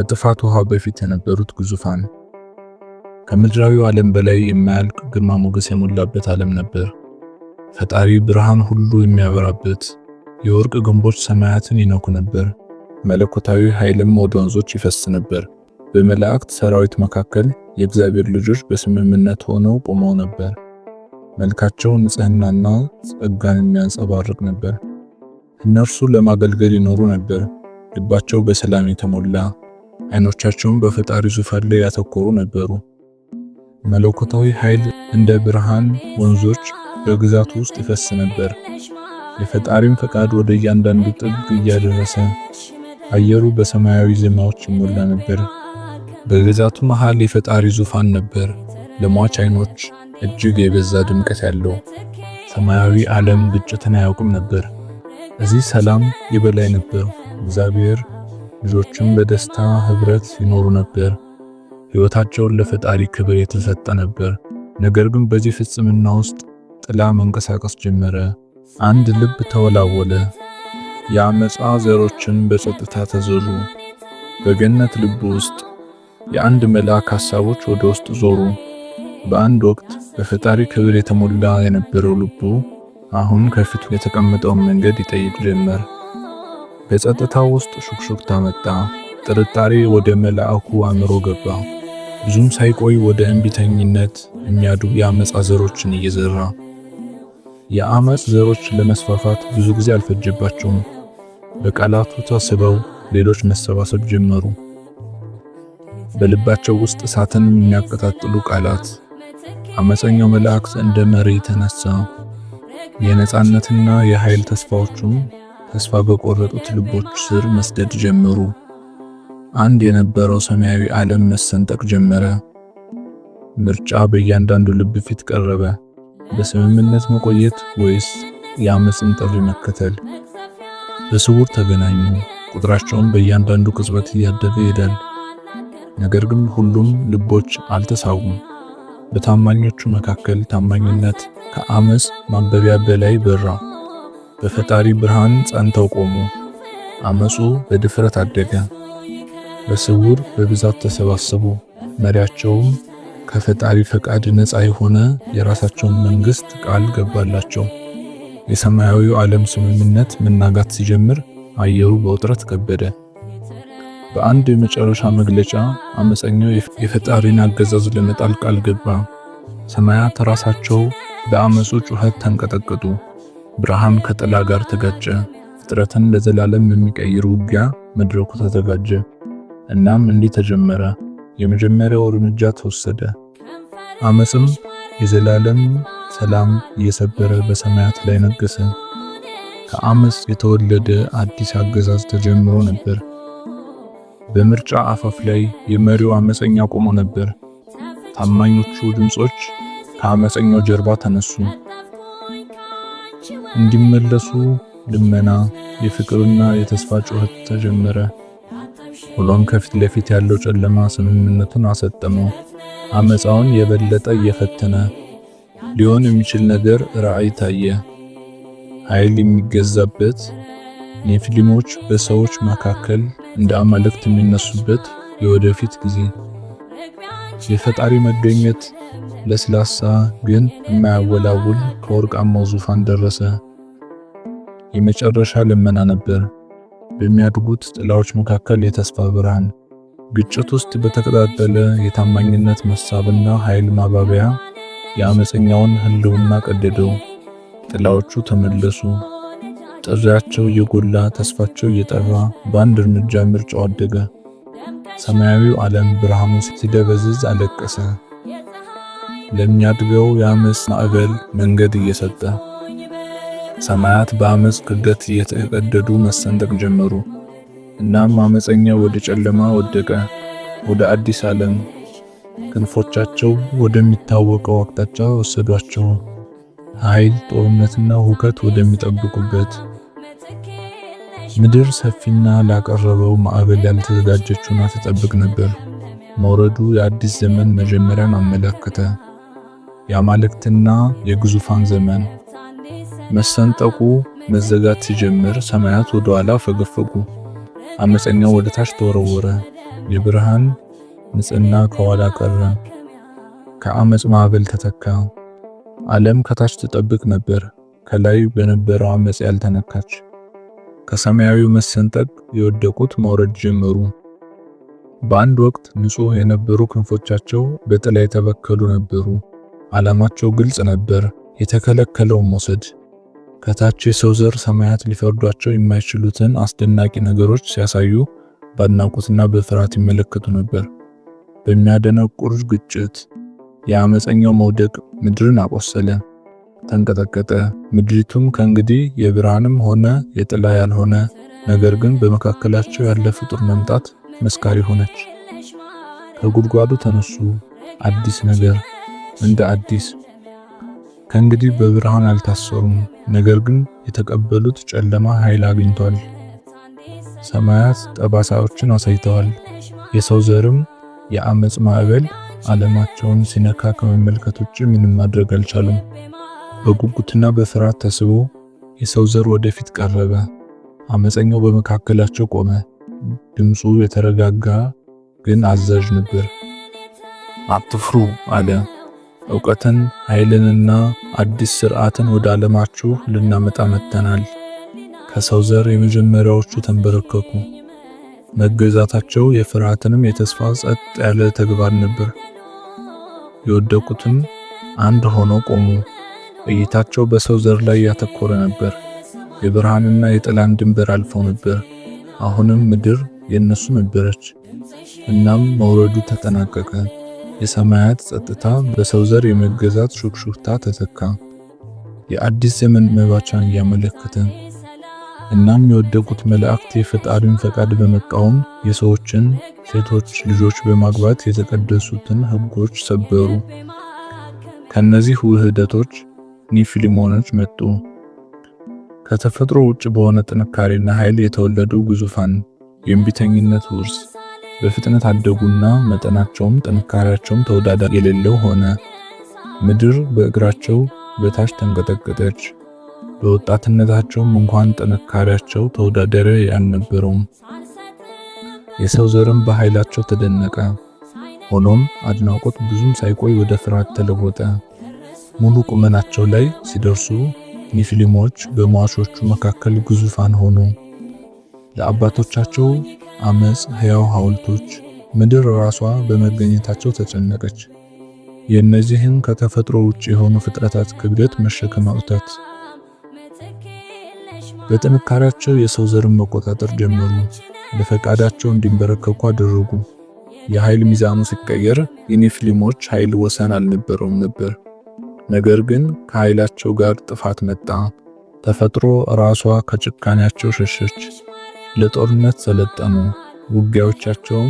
ከጥፋት ውሃ በፊት የነበሩት ግዙፋን ከምድራዊው ዓለም በላይ የማያልቅ ግርማ ሞገስ የሞላበት ዓለም ነበር። ፈጣሪ ብርሃን ሁሉ የሚያበራበት የወርቅ ግንቦች ሰማያትን ይነኩ ነበር። መለኮታዊ ኃይልም ወደ ወንዞች ይፈስ ነበር። በመላእክት ሰራዊት መካከል የእግዚአብሔር ልጆች በስምምነት ሆነው ቆመው ነበር። መልካቸው ንጽህናና ጸጋን የሚያንጸባርቅ ነበር። እነርሱ ለማገልገል ይኖሩ ነበር፣ ልባቸው በሰላም የተሞላ አይኖቻቸውን በፈጣሪ ዙፋን ላይ ያተኮሩ ነበሩ። መለኮታዊ ኃይል እንደ ብርሃን ወንዞች በግዛቱ ውስጥ ይፈስ ነበር። የፈጣሪም ፈቃድ ወደ እያንዳንዱ ጥግ እያደረሰ አየሩ በሰማያዊ ዜማዎች ይሞላ ነበር። በግዛቱ መሃል የፈጣሪ ዙፋን ነበር፣ ለሟች አይኖች እጅግ የበዛ ድምቀት ያለው። ሰማያዊ ዓለም ግጭትን አያውቅም ነበር። እዚህ ሰላም የበላይ ነበር። እግዚአብሔር ልጆቹም በደስታ ህብረት ይኖሩ ነበር። ሕይወታቸውን ለፈጣሪ ክብር የተሰጠ ነበር። ነገር ግን በዚህ ፍጽምና ውስጥ ጥላ መንቀሳቀስ ጀመረ። አንድ ልብ ተወላወለ። የአመፃ ዘሮችን በጸጥታ ተዘሩ። በገነት ልብ ውስጥ የአንድ መልአክ ሐሳቦች ወደ ውስጥ ዞሩ። በአንድ ወቅት በፈጣሪ ክብር የተሞላ የነበረው ልቡ አሁን ከፊቱ የተቀመጠውን መንገድ ይጠይቅ ጀመር። በጸጥታ ውስጥ ሹክሹክታ መጣ። ጥርጣሬ ወደ መልአኩ አእምሮ ገባ። ብዙም ሳይቆይ ወደ እንቢተኝነት የሚያዱ የአመፃ ዘሮችን እየዘራ የአመፅ ዘሮች ለመስፋፋት ብዙ ጊዜ አልፈጀባቸውም። በቃላቱ ተስበው ሌሎች መሰባሰብ ጀመሩ። በልባቸው ውስጥ እሳትን የሚያቀጣጥሉ ቃላት። አመፀኛው መልአክ እንደ መሪ ተነሳ። የነፃነትና የኃይል ተስፋዎቹም ተስፋ በቆረጡት ልቦች ስር መስደድ ጀመሩ። አንድ የነበረው ሰማያዊ ዓለም መሰንጠቅ ጀመረ። ምርጫ በእያንዳንዱ ልብ ፊት ቀረበ። በስምምነት መቆየት ወይስ የአመፅን ጥሪ መከተል? በስውር ተገናኙ። ቁጥራቸውን በእያንዳንዱ ቅጽበት እያደገ ይሄዳል። ነገር ግን ሁሉም ልቦች አልተሳቡም። በታማኞቹ መካከል ታማኝነት ከአመፅ ማበቢያ በላይ በራ። በፈጣሪ ብርሃን ጸንተው ቆሙ። አመፁ በድፍረት አደገ፣ በስውር በብዛት ተሰባሰቡ። መሪያቸውም ከፈጣሪ ፈቃድ ነፃ የሆነ የራሳቸውን መንግስት ቃል ገባላቸው። የሰማያዊው ዓለም ስምምነት መናጋት ሲጀምር አየሩ በውጥረት ከበደ። በአንድ የመጨረሻ መግለጫ አመፀኛው የፈጣሪን አገዛዝ ለመጣል ቃል ገባ። ሰማያት ራሳቸው በአመፁ ጩኸት ተንቀጠቀጡ። ብርሃን ከጥላ ጋር ተጋጨ። ፍጥረትን ለዘላለም የሚቀይር ውጊያ መድረኩ ተዘጋጀ። እናም እንዲህ ተጀመረ። የመጀመሪያው እርምጃ ተወሰደ። አመፅም የዘላለም ሰላም እየሰበረ በሰማያት ላይ ነገሰ። ከአመፅ የተወለደ አዲስ አገዛዝ ተጀምሮ ነበር። በምርጫ አፋፍ ላይ የመሪው አመፀኛ ቆሞ ነበር። ታማኞቹ ድምጾች ከአመፀኛው ጀርባ ተነሱ። እንዲመለሱ ልመና፣ የፍቅርና የተስፋ ጩኸት ተጀመረ። ሆኖም ከፊት ለፊት ያለው ጨለማ ስምምነቱን አሰጠመው፣ አመፃውን የበለጠ እየፈተነ። ሊሆን የሚችል ነገር ራዕይ ታየ። ኃይል የሚገዛበት ኔፊሊሞች በሰዎች መካከል እንደ አማልክት የሚነሱበት የወደፊት ጊዜ። የፈጣሪ መገኘት ለስላሳ ግን የማያወላውል ከወርቃማው ዙፋን ደረሰ። የመጨረሻ ልመና ነበር። በሚያድጉት ጥላዎች መካከል የተስፋ ብርሃን ግጭት ውስጥ በተቀጣጠለ የታማኝነት መሳብና ኃይል ማባቢያ የአመፀኛውን ህልውና ቀደደው። ጥላዎቹ ተመለሱ። ጥሪያቸው እየጎላ ተስፋቸው እየጠራ በአንድ እርምጃ ምርጫው አደገ። ሰማያዊው ዓለም ብርሃኑ ሲደበዝዝ አለቀሰ፣ ለሚያድገው የአመፅ ማዕበል መንገድ እየሰጠ ሰማያት በአመፅ ክብደት እየተቀደዱ መሰንጠቅ ጀመሩ። እናም አመፀኛ ወደ ጨለማ ወደቀ፣ ወደ አዲስ ዓለም። ክንፎቻቸው ወደሚታወቀው አቅጣጫ ወሰዷቸው፣ ኃይል፣ ጦርነትና ሁከት ወደሚጠብቁበት ምድር። ሰፊና ላቀረበው ማዕበል ያልተዘጋጀችና ትጠብቅ ነበር። መውረዱ የአዲስ ዘመን መጀመሪያን አመለከተ፣ የአማልክትና የግዙፋን ዘመን መሰንጠቁ መዘጋት ሲጀምር ሰማያት ወደ ኋላ ፈገፈጉ። አመፀኛው ወደ ታች ተወረወረ። የብርሃን ንጽህና ከኋላ ቀረ፣ ከአመፅ ማዕበል ተተካ። ዓለም ከታች ትጠብቅ ነበር፣ ከላይ በነበረው አመፅ ያልተነካች። ከሰማያዊው መሰንጠቅ የወደቁት መውረድ ጀመሩ። በአንድ ወቅት ንጹህ የነበሩ ክንፎቻቸው በጥላ የተበከሉ ነበሩ። ዓላማቸው ግልጽ ነበር፣ የተከለከለው መውሰድ ከታች የሰው ዘር ሰማያት ሊፈርዷቸው የማይችሉትን አስደናቂ ነገሮች ሲያሳዩ በአድናቆትና በፍርሃት ይመለከቱ ነበር። በሚያደነቁር ግጭት የአመፀኛው መውደቅ ምድርን አቆሰለ፣ ተንቀጠቀጠ። ምድሪቱም ከእንግዲህ የብርሃንም ሆነ የጥላ ያልሆነ ነገር ግን በመካከላቸው ያለ ፍጡር መምጣት መስካሪ ሆነች። ከጉድጓዱ ተነሱ። አዲስ ነገር እንደ አዲስ ከእንግዲህ በብርሃን አልታሰሩም፣ ነገር ግን የተቀበሉት ጨለማ ኃይል አግኝቷል። ሰማያት ጠባሳዎችን አሳይተዋል፣ የሰው ዘርም የአመጽ ማዕበል ዓለማቸውን ሲነካ ከመመልከት ውጭ ምንም ማድረግ አልቻሉም። በጉጉትና በፍርሃት ተስቦ የሰው ዘር ወደፊት ቀረበ። አመፀኛው በመካከላቸው ቆመ። ድምፁ የተረጋጋ ግን አዛዥ ነበር። አትፍሩ አለ። እውቀትን ኃይልንና አዲስ ሥርዓትን ወደ ዓለማችሁ ልናመጣ መጥተናል። ከሰው ዘር የመጀመሪያዎቹ ተንበረከኩ። መገዛታቸው የፍርሃትንም የተስፋ ጸጥ ያለ ተግባር ነበር። የወደቁትም አንድ ሆነው ቆሙ። እይታቸው በሰው ዘር ላይ ያተኮረ ነበር። የብርሃንና የጥላን ድንበር አልፈው ነበር። አሁንም ምድር የነሱ ነበረች። እናም መውረዱ ተጠናቀቀ። የሰማያት ጸጥታ በሰው ዘር የመገዛት ሹክሹክታ ተተካ። የአዲስ ዘመን መባቻን እያመለከተ እናም የወደቁት መላእክት የፈጣሪን ፈቃድ በመቃወም የሰዎችን ሴቶች ልጆች በማግባት የተቀደሱትን ሕጎች ሰበሩ። ከነዚህ ውህደቶች ኒፊሊሞኖች መጡ። ከተፈጥሮ ውጭ በሆነ ጥንካሬና ኃይል የተወለዱ ግዙፋን የእምቢተኝነት ውርስ በፍጥነት አደጉና መጠናቸውም ጥንካሬያቸውም ተወዳዳሪ የሌለው ሆነ። ምድር በእግራቸው በታች ተንቀጠቀጠች። በወጣትነታቸውም እንኳን ጥንካሬያቸው ተወዳዳሪ አልነበረውም። የሰው ዘርም በኃይላቸው ተደነቀ። ሆኖም አድናቆት ብዙም ሳይቆይ ወደ ፍርሃት ተለወጠ። ሙሉ ቁመናቸው ላይ ሲደርሱ ኔፊሊሞች በሟቾቹ መካከል ግዙፋን ሆኑ። ለአባቶቻቸው አመፅ ሕያው ሐውልቶች ምድር ራሷ በመገኘታቸው ተጨነቀች። የእነዚህን ከተፈጥሮ ውጭ የሆኑ ፍጥረታት ክብደት መሸከም አቅቷት በጥንካሬያቸው የሰው ዘርን መቆጣጠር ጀመሩ። ለፈቃዳቸው እንዲንበረከኩ አደረጉ። የኃይል ሚዛኑ ሲቀየር የኒፍሊሞች ኃይል ወሰን አልነበረውም ነበር። ነገር ግን ከኃይላቸው ጋር ጥፋት መጣ። ተፈጥሮ ራሷ ከጭካኔያቸው ሸሸች። ለጦርነት ሰለጠኑ። ውጊያዎቻቸውም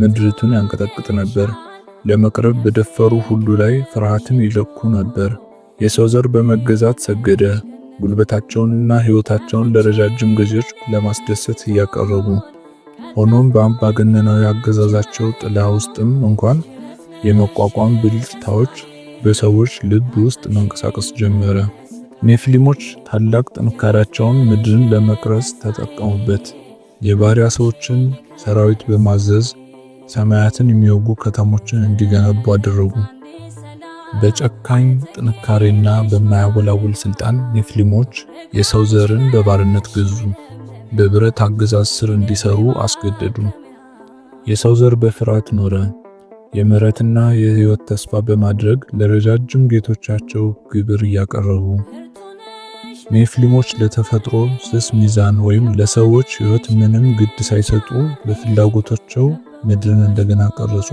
ምድሪቱን ያንቀጠቅጥ ነበር። ለመቅረብ በደፈሩ ሁሉ ላይ ፍርሃትን ይለኩ ነበር። የሰው ዘር በመገዛት ሰገደ። ጉልበታቸውንና ሕይወታቸውን ለረጃጅም ገዢዎች ለማስደሰት እያቀረቡ ሆኖም በአምባገነናዊ አገዛዛቸው ጥላ ውስጥም እንኳን የመቋቋም ብልጭታዎች በሰዎች ልብ ውስጥ መንቀሳቀስ ጀመረ። ኔፍሊሞች ታላቅ ጥንካሬያቸውን ምድርን ለመቅረጽ ተጠቀሙበት። የባሪያ ሰዎችን ሰራዊት በማዘዝ ሰማያትን የሚወጉ ከተሞችን እንዲገነቡ አደረጉ። በጨካኝ ጥንካሬና በማያወላውል ስልጣን ኔፍሊሞች የሰው ዘርን በባርነት ገዙ። በብረት አገዛዝ ስር እንዲሰሩ አስገደዱ። የሰው ዘር በፍርሃት ኖረ። የምሕረትና የህይወት ተስፋ በማድረግ ለረጃጅም ጌቶቻቸው ግብር እያቀረቡ ኔፊሊሞች ለተፈጥሮ ስስ ሚዛን ወይም ለሰዎች ሕይወት ምንም ግድ ሳይሰጡ በፍላጎታቸው ምድርን እንደገና ቀረጹ።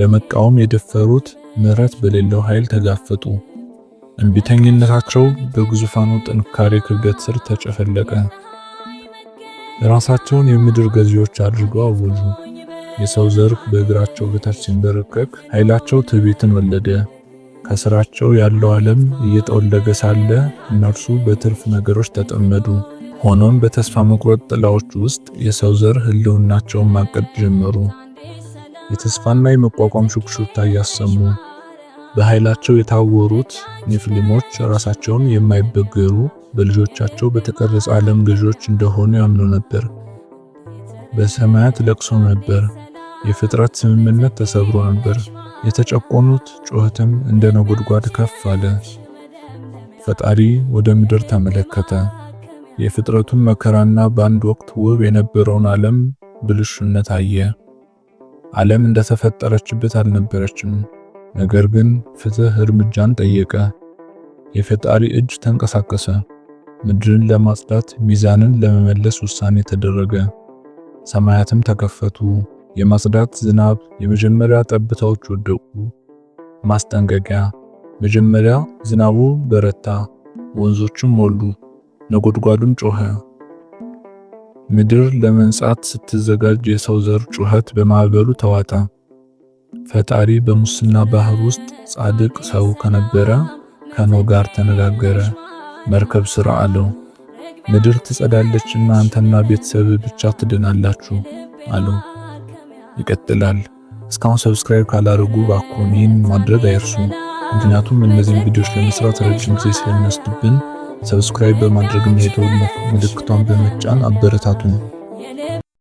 ለመቃወም የደፈሩት ምሕረት በሌለው ኃይል ተጋፈጡ። እምቢተኝነታቸው በግዙፋኑ ጥንካሬ ክብደት ስር ተጨፈለቀ። ራሳቸውን የምድር ገዢዎች አድርገው አወጁ። የሰው ዘር በእግራቸው በታች ሲንበረከክ ኃይላቸው ትዕቢትን ወለደ። ከስራቸው ያለው ዓለም እየጠወለገ ሳለ እነርሱ በትርፍ ነገሮች ተጠመዱ። ሆኖም በተስፋ መቁረጥ ጥላዎች ውስጥ የሰው ዘር ህልውናቸውን ማቀድ ጀመሩ። የተስፋና የመቋቋም ሹክሹክታ እያሰሙ በኃይላቸው የታወሩት ኔፍሊሞች ራሳቸውን የማይበገሩ በልጆቻቸው በተቀረጸ ዓለም ገዢዎች እንደሆኑ ያምኑ ነበር። በሰማያት ለቅሶ ነበር። የፍጥረት ስምምነት ተሰብሮ ነበር። የተጨቆኑት ጩኸትም እንደ ነጎድጓድ ከፍ አለ። ፈጣሪ ወደ ምድር ተመለከተ። የፍጥረቱን መከራና በአንድ ወቅት ውብ የነበረውን ዓለም ብልሹነት አየ። ዓለም እንደተፈጠረችበት አልነበረችም። ነገር ግን ፍትህ እርምጃን ጠየቀ። የፈጣሪ እጅ ተንቀሳቀሰ። ምድርን ለማጽዳት፣ ሚዛንን ለመመለስ ውሳኔ ተደረገ። ሰማያትም ተከፈቱ። የማጽዳት ዝናብ የመጀመሪያ ጠብታዎች ወደቁ። ማስጠንቀቂያ መጀመሪያ ዝናቡ በረታ፣ ወንዞችም ሞሉ፣ ነጎድጓዱም ጮኸ። ምድር ለመንጻት ስትዘጋጅ የሰው ዘር ጩኸት በማዕበሉ ተዋጠ። ፈጣሪ በሙስና ባህር ውስጥ ጻድቅ ሰው ከነበረ ከኖ ጋር ተነጋገረ። መርከብ ሥራ አለው። ምድር ትጸዳለችና አንተና ቤተሰብ ብቻ ትድናላችሁ አለው። ይቀጥላል። እስካሁን ሰብስክራይብ ካላደረጉ እባክዎን ይህን ማድረግ አይርሱ። ምክንያቱም እነዚህን ቪዲዮዎች ለመስራት ረጅም ጊዜ ስለሚወስድብን ሰብስክራይብ በማድረግ ሄደው ምልክቷን በመጫን አበረታቱን።